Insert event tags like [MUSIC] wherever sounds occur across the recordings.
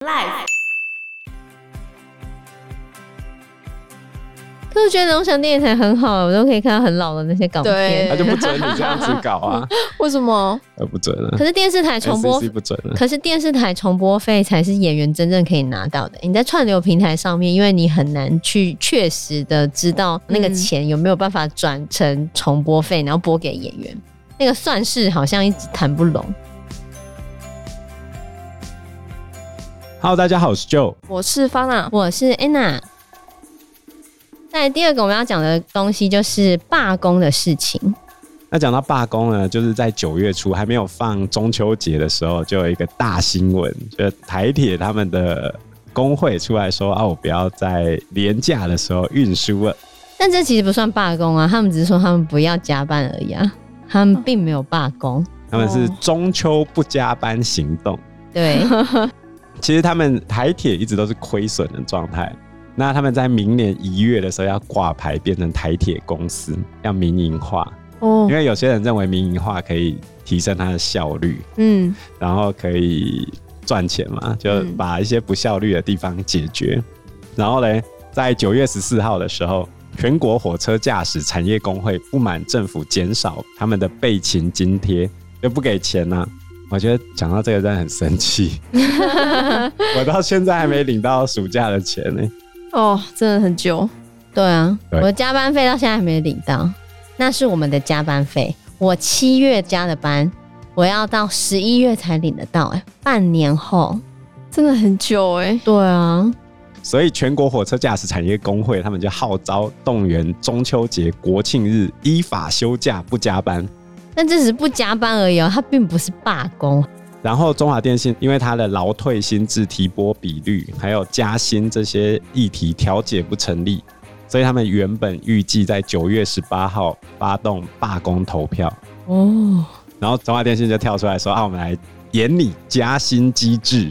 Life 可是我覺得龍翔電視台很好，我都可以看到很老的那些港片。他對就不准你這樣子搞啊？ [LAUGHS] 為什麼？呃，不准了。可是電視台重播費，可是電視台重播費才是演員真正可以拿到的。你在串流平台上面，因為你很難去確實的知道那個錢有沒有辦法轉成重播費，然後播給演員。嗯、那個算式好像一直談不攏。Hello，大家好，我是 Joe，我是方娜，我是 Anna。那第二個我們要講的東西就是罷工的事情。那講到罷工呢，就是在九月初還沒有放中秋節的時候，就有一個大新聞，就台鐵他們的工會出來說啊，我不要在連假的時候運輸了。但這其實不算罷工啊，他們只是說他們不要加班而已啊，他們並沒有罷工，哦、他們是中秋不加班行動。對。 [LAUGHS] 其實他們台鐵一直都是虧損的狀態，那他們在明年一月的時候要掛牌變成台鐵公司，要民營化。哦，因為有些人認為民營化可以提升它的效率，嗯，然後可以賺錢嘛，就把一些不效率的地方解決。嗯、然後嘞，在九月十四號的時候，全國火車駕駛產業工會不滿政府減少他們的備勤津貼，就不給錢吶、啊。我覺得講到這個真的很生氣， [LAUGHS] 我到現在還沒領到暑假的錢呢、欸。哦，真的很久，對啊，對我的加班費到現在還沒領到，那是我們的加班費。我七月加的班，我要到十一月才領得到、欸，半年後，真的很久哎、欸，對啊。所以，全國火車駕駛產業工會他們就號召動員中秋節、國慶日依法休假不加班。但這只是不加班而已喔，它並不是罷工。然後中華電信因為它的勞退新制提撥比率還有加薪這些議題調解不成立，所以他們原本預計在九月十八號發動罷工投票。哦，然後中華電信就跳出來說：“啊，我們來研擬加薪機制。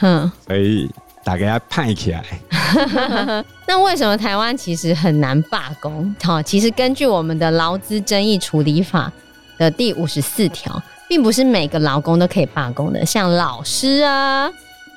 嗯”哼，所以打給他派起來。 [LAUGHS] 那為什麼台灣其實很難罷工？其實根據我們的勞資爭議處理法。的第五十四條，並不是每個勞工都可以罷工的。像老師啊、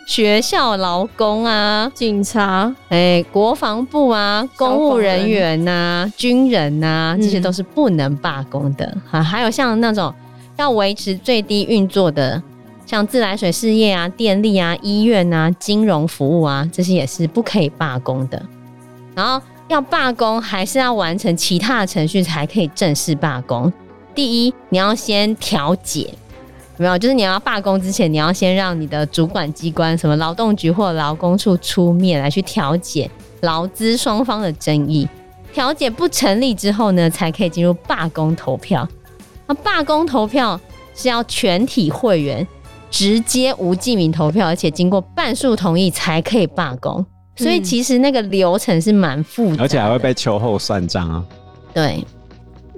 學校勞工啊、警察、欸、國防部啊、公務人員吶、啊、人軍人吶、啊，這些都是不能罷工的。嗯、還有像那種要維持最低運作的，像自來水事業啊、電力啊、醫院啊、金融服務啊，這些也是不可以罷工的。然後要罷工，還是要完成其他的程序才可以正式罷工。第一，你要先調解，有沒有，就是你要罷工之前，你要先讓你的主管機關，什麼勞動局或勞工處出面來去調解勞資雙方的爭議。調解不成立之後呢，才可以進入罷工投票。那罷工投票是要全體會員直接無記名投票，而且經過半數同意才可以罷工。嗯。所以其實那個流程是蠻複雜的，而且還會被秋後算賬啊。對。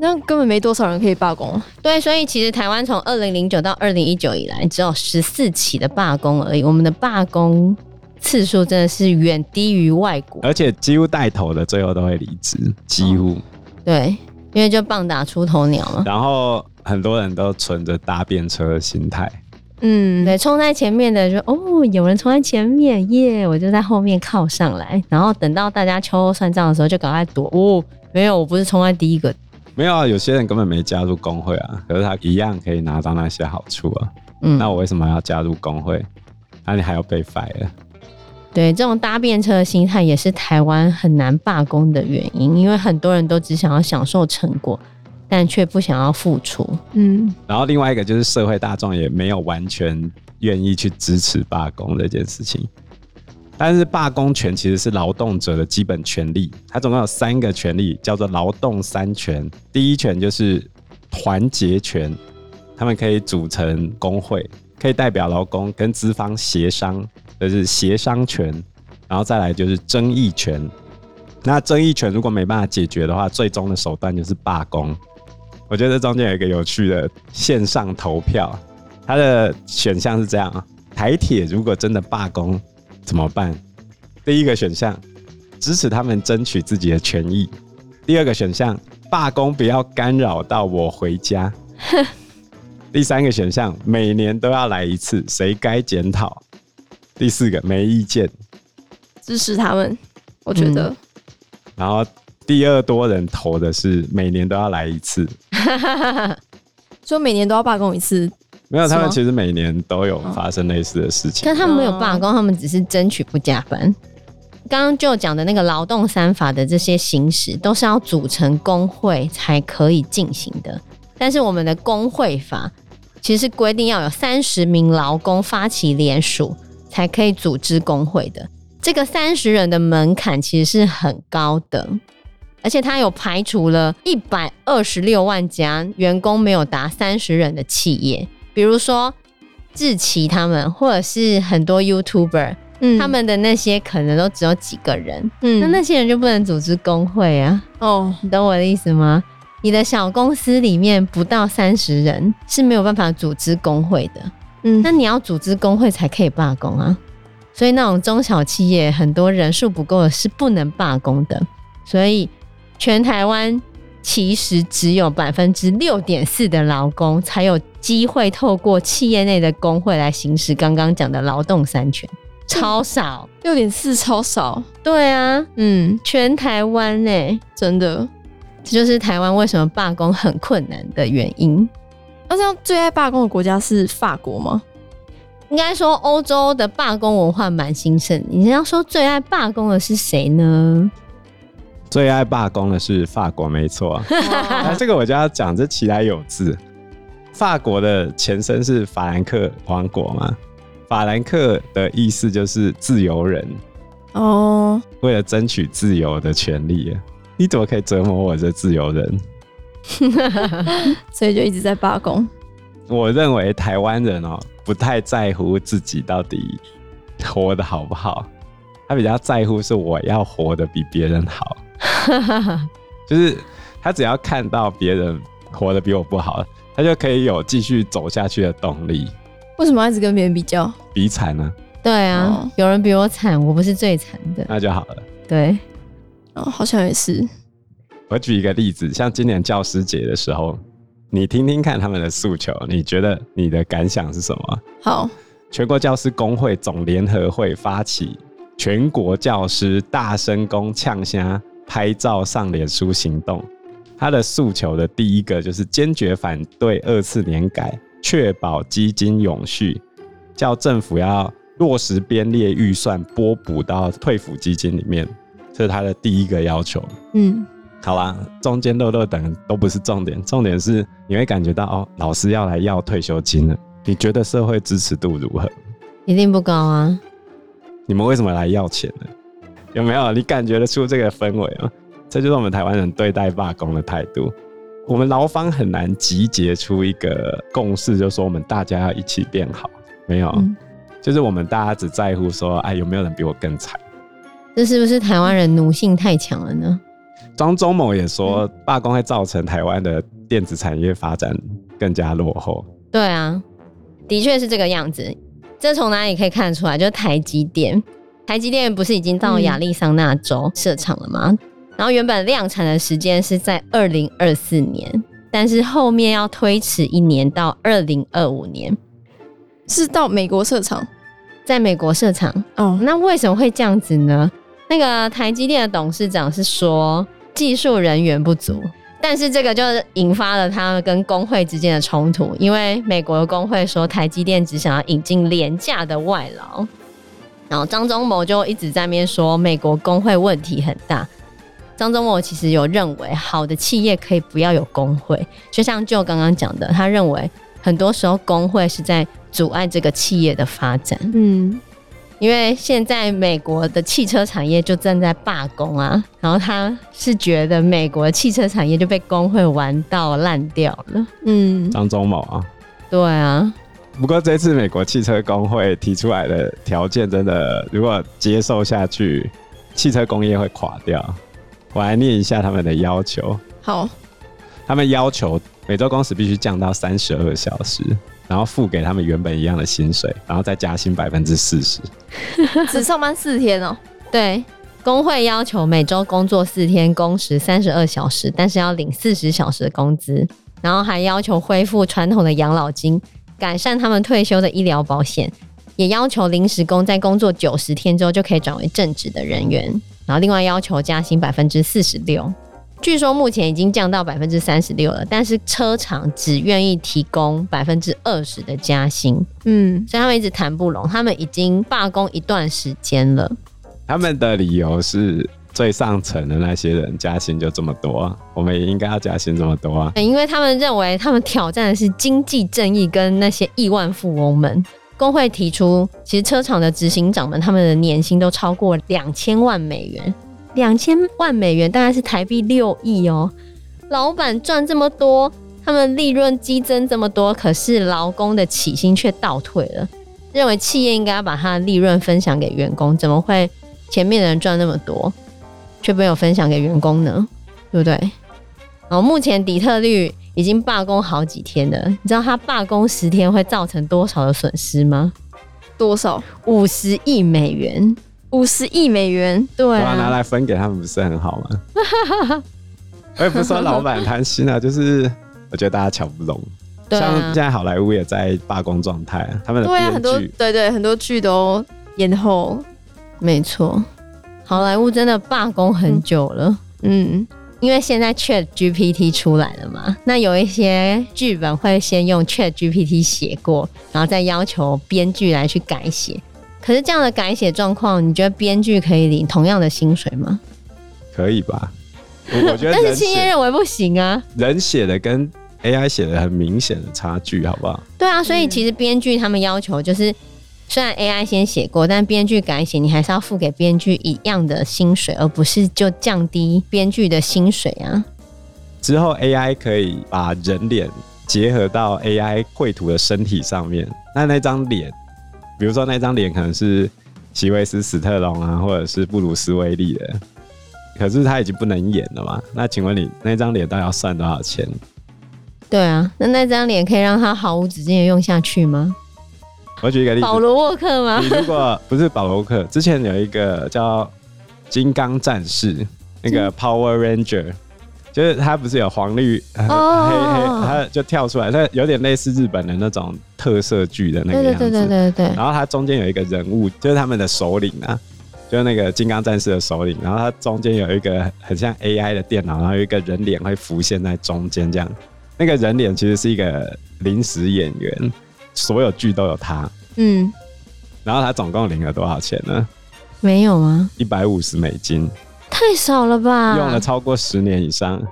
那根本沒多少人可以罷工。對，所以其實台灣從二零零九到二零一九以來，只有十四起的罷工而已。我們的罷工次數真的是遠低於外國，而且幾乎帶頭的最後都會離職，幾乎，嗯，對，因為就棒打出頭鳥嘛。然後很多人都存着搭便車的心態。嗯，對，衝在前面的就哦，有人衝在前面耶，yeah, 我就在後面靠上來。然後等到大家秋後算賬的時候，就趕快躲哦，沒有，我不是衝在第一個。沒有啊，有些人根本沒加入工會啊，可是他一樣可以拿到那些好處啊。嗯，那我為什麼要加入工會？那、啊、你還要被 fire？對，這種搭便車的心態也是台灣很難罷工的原因，因為很多人都只想要享受成果，但卻不想要付出。嗯，然後另外一個就是社會大眾也沒有完全願意去支持罷工這件事情。但是罷工權其實是勞動者的基本權利，它總共有三個權利，叫做勞動三權。第一權就是團結權，他們可以組成工會，可以代表勞工跟資方協商，就是協商權。然後再來就是爭議權，那爭議權如果沒辦法解決的話，最終的手段就是罷工。我覺得這中間有一個有趣的線上投票，它的選項是這樣啊：台鐵如果真的罷工。怎麼辦？第一個選項，支持他們爭取自己的權益。第二個選項，罷工，不要干擾到我回家。 [LAUGHS] 第三個選項，每年都要來一次，誰該檢討？第四個沒意見，支持他們，我覺得、嗯。然後第二多人投的是每年都要來一次，所以 [LAUGHS] 每年都要罷工一次。沒有，他們其實每年都有發生類似的事情。是嗎？但他們沒有罷工，他們只是爭取不加班。剛剛、哦、就講的那個勞動三法的這些行使，都是要組成工會才可以進行的。但是我們的工會法其實是規定要有三十名勞工發起聯署，才可以組織工會的。這個三十人的門檻其實是很高的，而且它有排除了一百二十六萬家員工沒有達三十人的企業。比如說志祺他們，或者是很多 YouTuber、嗯、他們的那些可能都只有幾個人，嗯、那那些人就不能組織工會啊。哦，你懂我的意思嗎？你的小公司裡面不到三十人是沒有辦法組織工會的。嗯，那你要組織工會才可以罷工啊。所以那種中小企業很多人數不夠是不能罷工的。所以全台灣。其實只有百分之六點四的勞工才有機會透過企業內的工會來行使剛剛講的勞動三權，嗯，超少，六點四超少。對啊，嗯，全台灣哎，真的，這就是台灣為什麼罷工很困難的原因。那、啊、這樣最愛罷工的國家是法國嗎？應該說歐洲的罷工文化蠻興盛。你要說最愛罷工的是誰呢？最愛罷工的是法國，沒錯。那、oh. 啊、這個我就要講，這其來有自。法國的前身是法蘭克王國嘛。法蘭克的意思就是自由人哦。Oh. 為了爭取自由的權利、啊，你怎麼可以折磨我這自由人？ [LAUGHS] 所以就一直在罷工。我認為台灣人哦、喔，不太在乎自己到底活得好不好，他比較在乎是我要活得比別人好。哈哈， [LAUGHS] 就是他只要看到別人活得比我不好，他就可以有繼續走下去的動力。為什麼要一直跟別人比較？比慘啊！對啊，哦、有人比我慘，我不是最慘的，那就好了。對，哦，好像也是。我舉一個例子，像今年教師節的時候，你聽聽看他們的訴求，你覺得你的感想是什麼？好，全國教師工會總聯合會發起全國教師大聲公嗆蝦、拍照上臉書行動，他的訴求的第一個就是堅決反對二次年改，確保基金永續，叫政府要落實編列預算撥補到退撫基金裡面，這是他的第一個要求。嗯，好啦，中間落落等都不是重點，重點是你會感覺到哦，老師要來要退休金了，你覺得社會支持度如何？一定不高啊！你們為什麼來要錢呢？有沒有你感覺得出這個氛圍啊？這就是我們台灣人對待罷工的態度。我們勞方很難集結出一個共識，就說我們大家要一起變好。沒有，嗯、就是我們大家只在乎說，哎，有沒有人比我更慘？這是不是台灣人奴性太強了呢？張忠謀也說，罷工會造成台灣的電子產業發展更加落後。對啊，的確是這個樣子。這從哪裡可以看得出來？就是台積電。台積電不是已經到亞利桑那州設廠了嗎？嗯、然後原本量產的時間是在二零二四年，但是後面要推遲一年到二零二五年，是到美國設廠，在美國設廠。哦、嗯，那為什麼會這樣子呢？那個台積電的董事長是說技術人員不足，但是這個就引發了他跟工會之間的衝突，因為美國的工會說台積電只想要引進廉價的外勞。然後張忠謀就一直在那邊說美國工會問題很大。張忠謀其實有認為，好的企業可以不要有工會，就像就剛剛講的，他認為很多時候工會是在阻礙這個企業的發展。嗯，因為現在美國的汽車產業就正在罷工啊，然後他是覺得美國的汽車產業就被工會玩到爛掉了。嗯，張忠謀啊，對啊。不過這次美國汽車工會提出來的條件真的，如果接受下去，汽車工業會垮掉。我來念一下他們的要求。好，他們要求每周工時必須降到三十二小時，然後付給他們原本一樣的薪水，然後再加薪百分之四十。 [LAUGHS] 只上班四天哦。對，工會要求每周工作四天，工時三十二小時，但是要領四十小時的工資，然後還要求恢復傳統的養老金。改善他們退休的醫療保險，也要求臨時工在工作九十天之後就可以轉為正職的人員，然後另外要求加薪百分之四十六。據說目前已經降到百分之三十六了，但是車廠只願意提供百分之二十的加薪，嗯，所以他們一直談不攏。他們已經罷工一段時間了，他們的理由是。最上層的那些人加薪就這麼多，我們也應該要加薪這麼多啊。對，因為他們認為他們挑戰的是經濟正義跟那些億萬富翁們。工會提出，其實車廠的執行長們他們的年薪都超過兩千萬美元，兩千萬美元大概是台幣六億哦。老闆賺這麼多，他們利潤激增這麼多，可是勞工的起薪卻倒退了，認為企業應該要把他的利潤分享給員工，怎麼會前面的人賺那麼多？卻沒有分享給員工呢，對不對？哦，目前底特律已經罷工好幾天了。你知道他罷工十天會造成多少的損失嗎？多少？五十億美元！五十億美元，對、啊，我要拿來分給他們不是很好嗎？ [LAUGHS] 我也不說老板貪心啊，就是我覺得大家瞧不懂。對、啊，像現在好萊塢也在罷工狀態，他們對啊，很多對，對對，很多劇都延後，沒錯。好萊塢真的罷工很久了，嗯，嗯，因為現在 Chat GPT 出來了嘛，那有一些劇本會先用 Chat GPT 寫過，然後再要求編劇來去改寫。可是這樣的改寫狀況，你覺得編劇可以領同樣的薪水嗎？可以吧？我覺得， [LAUGHS] 但是青葉認為不行啊，人寫的跟 AI 寫的很明顯的差距，好不好？對啊，所以其實編劇他們要求就是。雖然 AI 先寫過，但編劇改寫你還是要付給編劇一樣的薪水，而不是就降低編劇的薪水啊。之後 AI 可以把人臉結合到 AI 繪圖的身體上面，那那張臉，比如說那張臉可能是席維斯·史特龍啊，或者是布魯斯·威利的，可是他已經不能演了嘛？那請問你那張臉到底要算多少錢？對啊，那那張臉可以讓他毫無止境的用下去嗎？我舉一個例子，保羅沃克嗎？你如果不是保羅沃克， [LAUGHS] 之前有一個叫《金剛戰士》，那個 Power Ranger，、嗯、就是他不是有黃綠黑黑、哦， [LAUGHS] 他就跳出來，他有點類似日本的那種特色劇的那個樣子。對對對，對，對，對，對，對，然後他中間有一個人物，就是他們的首領啊，就是那個金剛戰士的首領。然後他中間有一個很像 AI 的電腦，然後有一個人臉會浮現在中間，這樣那個人臉其實是一個臨時演員。嗯所有劇都有他，嗯，然後他總共領了多少錢呢？沒有嗎？一百五十美金，太少了吧？用了超過十年以上，哦、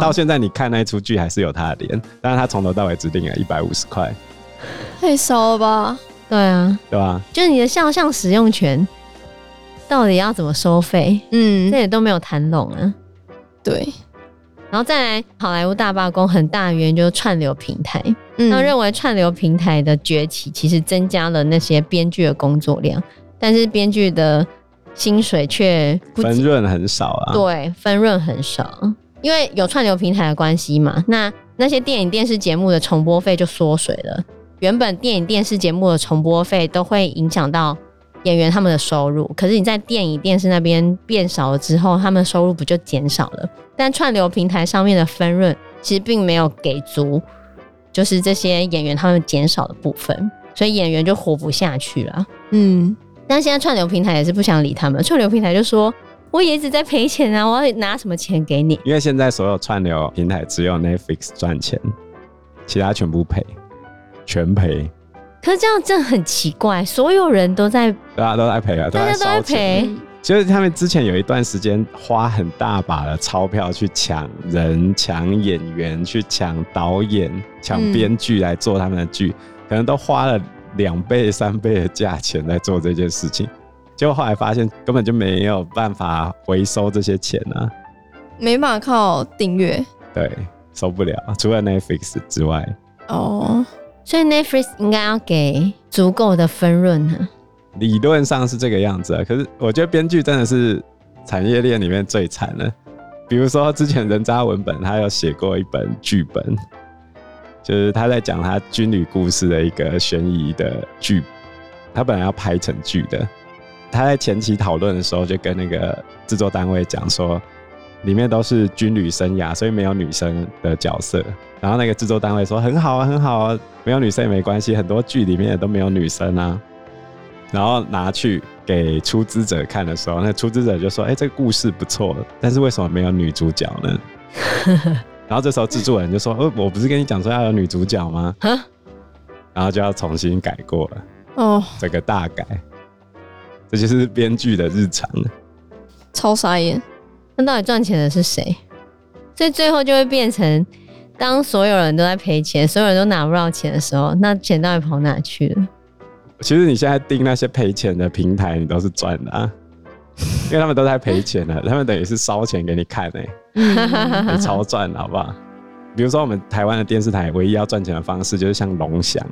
到現在你看那出劇還是有他的臉，但是他從頭到尾只領了一百五十塊，太少了吧？對啊，對吧、啊？就是你的肖像使用權到底要怎麼收費？嗯，這也都沒有談攏啊。對，然後再來好萊塢大罷工，很大原因就是串流平台。他認為串流平台的崛起其實增加了那些編劇的工作量，但是編劇的薪水卻分潤很少啊。對，分潤很少，因為有串流平台的關係嘛。那那些電影電視節目的重播費就縮水了，原本電影電視節目的重播費都會影響到演員他們的收入，可是你在電影電視那邊變少了之後，他們收入不就減少了？但串流平台上面的分潤其實並沒有給足。就是這些演員他們減少的部分，所以演員就活不下去了。嗯，但現在串流平台也是不想理他們，串流平台就說，我也一直在賠錢啊，我要拿什麼錢給你？因為現在所有串流平台只有 Netflix 賺錢，其他全部賠，全賠。可是這樣真的很奇怪，所有人都在，啊、都在賠，大家都在賠啊，大家都在燒錢。就是他們之前有一段時間花很大把的鈔票去搶人、搶演員、去搶導演、搶編劇來做他們的劇，嗯、可能都花了兩倍、三倍的價錢來做這件事情。結果後來發現根本就沒有辦法回收這些錢啊，沒辦法靠訂閱，對，收不了。除了 Netflix 之外，哦，oh, 所以 Netflix 應該要給足夠的分潤呢？理論上是這個樣子啊，可是我覺得編劇真的是產業鏈裡面最慘的。比如說，之前人渣文本他有寫過一本劇本，就是他在講他軍旅故事的一個懸疑的劇，他本來要拍成劇的。他在前期討論的時候就跟那個製作單位講說，裡面都是軍旅生涯，所以沒有女生的角色。然後那個製作單位說：“很好啊，很好啊，沒有女生也沒關係，很多劇裡面也都沒有女生啊。”然後拿去給出資者看的時候，那出資者就說：“哎、欸，這個故事不錯，但是為什麼沒有女主角呢？” [LAUGHS] 然後這時候制作人就說：“對哦，我不是跟你講說要有女主角嗎？” [LAUGHS] 然後就要重新改過了。哦，這個大改，這就是編劇的日常了，超傻眼。那到底賺錢的是誰？所以最後就會變成，當所有人都在賠錢，所有人都拿不到錢的時候，那錢到底跑哪去了？其實你現在訂那些賠錢的平台，你都是賺的啊，因為他們都在賠錢的，他們等於是燒錢給你看哎、欸，超賺，好不好？比如說我們台灣的電視台，唯一要賺錢的方式就是像龍祥。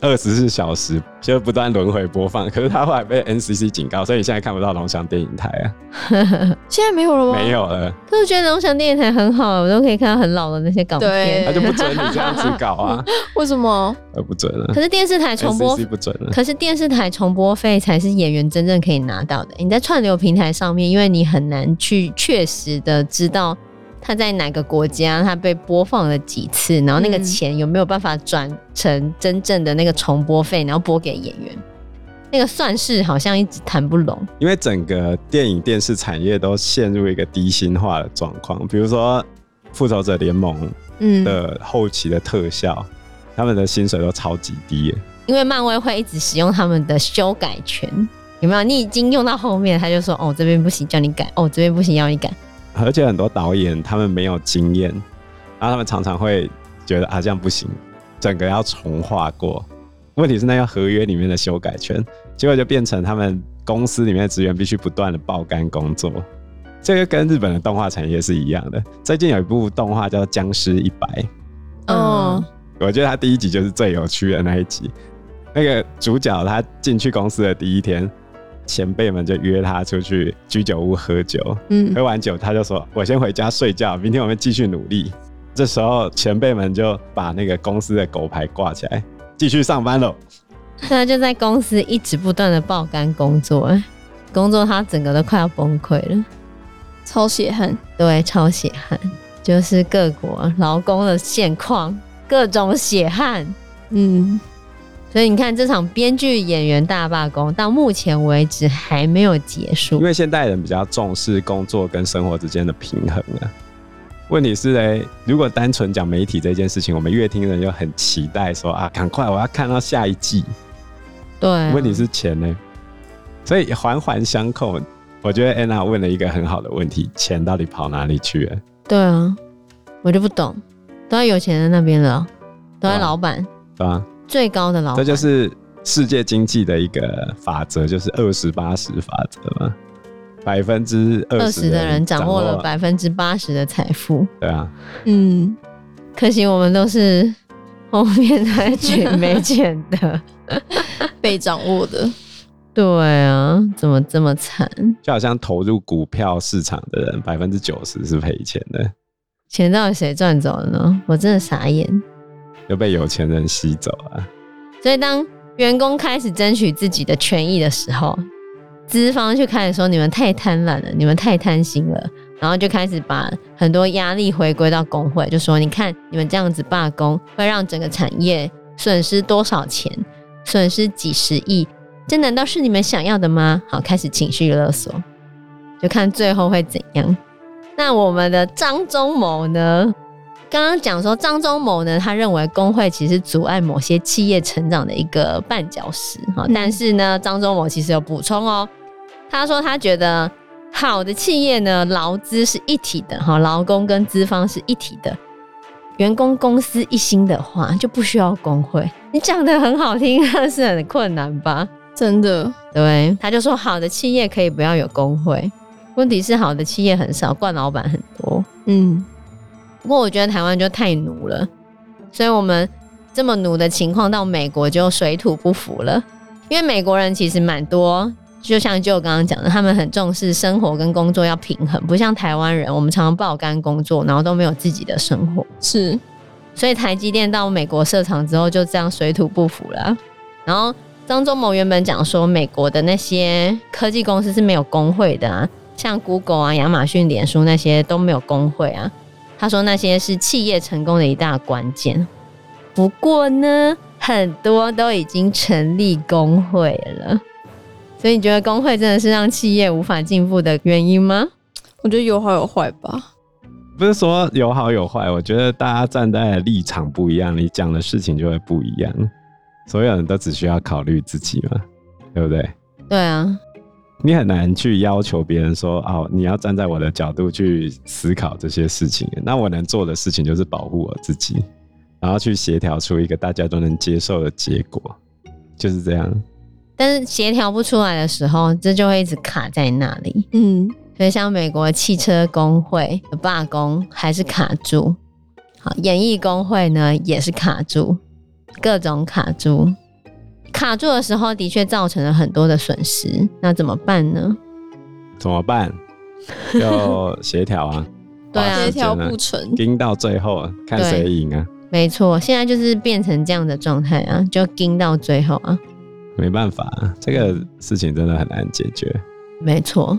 二十四小時就不斷輪回播放，可是他後來被 NCC 警告，所以你現在看不到龍祥電影台啊，現在沒有了嗎？沒有了。可是我覺得龍祥電影台很好，我都可以看到很老的那些港片。他對、啊、就不准你這樣去搞啊？ [LAUGHS] 為什麼？呃，不准了。可是電視台重播費，可是電視台重播費才是演員真正可以拿到的。你在串流平台上面，因為你很難去確實的知道。他在哪個國家？他被播放了幾次？然後那個錢有沒有辦法轉成真正的那個重播費？然後播給演員，那個算是好像一直談不攏。因為整個電影電視產業都陷入一個低薪化的狀況。比如說《復仇者聯盟》嗯的後期的特效，嗯、他們的薪水都超級低耶。因為漫威會一直使用他們的修改權，有沒有？你已經用到後面，他就說：“哦，這邊不行，叫你改；哦，這邊不行，要你改。”而且很多導演他們沒有經驗，然後他們常常會覺得、啊、這樣不行，整個要重畫過。問題是那個合約裡面的修改權，結果就變成他們公司裡面的職員必須不斷的爆肝工作。這個跟日本的動畫產業是一樣的。最近有一部動畫叫《僵屍一百》，嗯，oh. 我覺得它第一集就是最有趣的那一集。那個主角他進去公司的第一天。前輩們就約他出去居酒屋喝酒，嗯，喝完酒他就說：“我先回家睡覺，明天我們繼續努力。”這時候前輩們就把那個公司的狗牌掛起來，繼續上班了。他、嗯、就在公司一直不斷的爆肝工作，工作他整個都快要崩潰了，超血汗，對，超血汗，就是各國勞工的現況，各種血汗，嗯。所以你看，這場編劇演員大罷工到目前為止還沒有結束。因為現代人比較重視工作跟生活之間的平衡啊。問題是嘞，如果單純講媒體這件事情，我們閱聽人就很期待說啊，趕快我要看到下一季。對啊。問題是錢呢？所以環環相扣。我覺得 Anna 問了一個很好的問題：錢到底跑哪裡去了？對啊，我就不懂，都在有錢人那邊了，都在老闆啊。對啊。最高的老闆，這就是世界經濟的一個法則，就是二十八十法則嘛，百分之二十的人掌握了百分之八十的財富。對啊，嗯，可惜我們都是後面那一群沒錢的， [LAUGHS] 被掌握的。對啊，怎麼這麼慘？就好像投入股票市場的人，百分之九十是賠錢的，錢到底誰賺走了呢？我真的傻眼。又被有錢人吸走了，所以當員工開始爭取自己的權益的時候，資方就開始說：“你們太貪婪了，你們太貪心了。”然後就開始把很多壓力回歸到工會，就說：“你看，你們這樣子罷工會讓整個產業損失多少錢？損失幾十億？這難道是你們想要的嗎？”好，開始情緒勒索，就看最後會怎樣。那我們的張忠謀呢？剛剛講說張忠謀呢，他認為工會其實阻礙某些企業成長的一個絆腳石哈。但是呢，嗯、張忠謀其實有補充哦，他說他覺得好的企業呢，勞資是一體的哈，勞工跟資方是一體的，員工公司一心的話就不需要工會。你講得很好聽，但是很困難吧？真的，對，他就說好的企業可以不要有工會，問題是好的企業很少，慣老闆很多，嗯。不過我覺得台灣就太奴了，所以我們這麼奴的情況到美國就水土不服了。因為美國人其實蠻多，就像就我剛剛講的，他們很重視生活跟工作要平衡，不像台灣人，我們常常爆肝工作，然後都沒有自己的生活。是，所以台積電到美國設廠之後就這樣水土不服了。然後張忠謀原本講說，美國的那些科技公司是沒有工會的啊，像 Google 啊、亞馬遜、臉書那些都沒有工會啊。他說那些是企業成功的一大關鍵，不過呢，很多都已經成立工會了，所以你覺得工會真的是讓企業無法進步的原因嗎？我覺得有好有壞吧。不是說有好有壞，我覺得大家站在的立場不一樣，你講的事情就會不一樣。所有人都只需要考慮自己嘛，對不對？對啊。你很難去要求別人說，哦，你要站在我的角度去思考這些事情。那我能做的事情就是保護我自己，然後去協調出一個大家都能接受的結果，就是這樣。但是協調不出來的時候，這就會一直卡在那裡。嗯，所以像美國汽車工會的罷工還是卡住，好，演藝工會呢也是卡住，各種卡住。卡住的時候，的確造成了很多的損失。那怎麼辦呢？怎麼辦？就協調啊！ [LAUGHS] 對啊，協調、啊、不成，盯到最後誰贏啊，看誰贏啊！沒錯，現在就是變成這樣的狀態啊，就盯到最後啊，沒辦法，這個事情真的很難解決。沒錯。